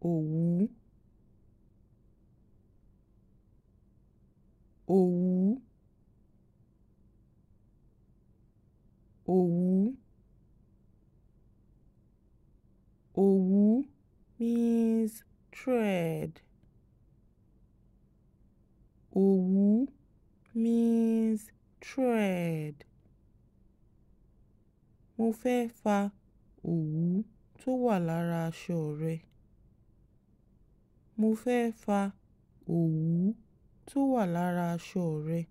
òwú òwú òwú òwú means thread òwú means tread. mo fẹ́ fá òwú tó wà lára aṣọ rẹ̀ mo fẹ́ fa òwú tó wà lára aṣọ rẹ̀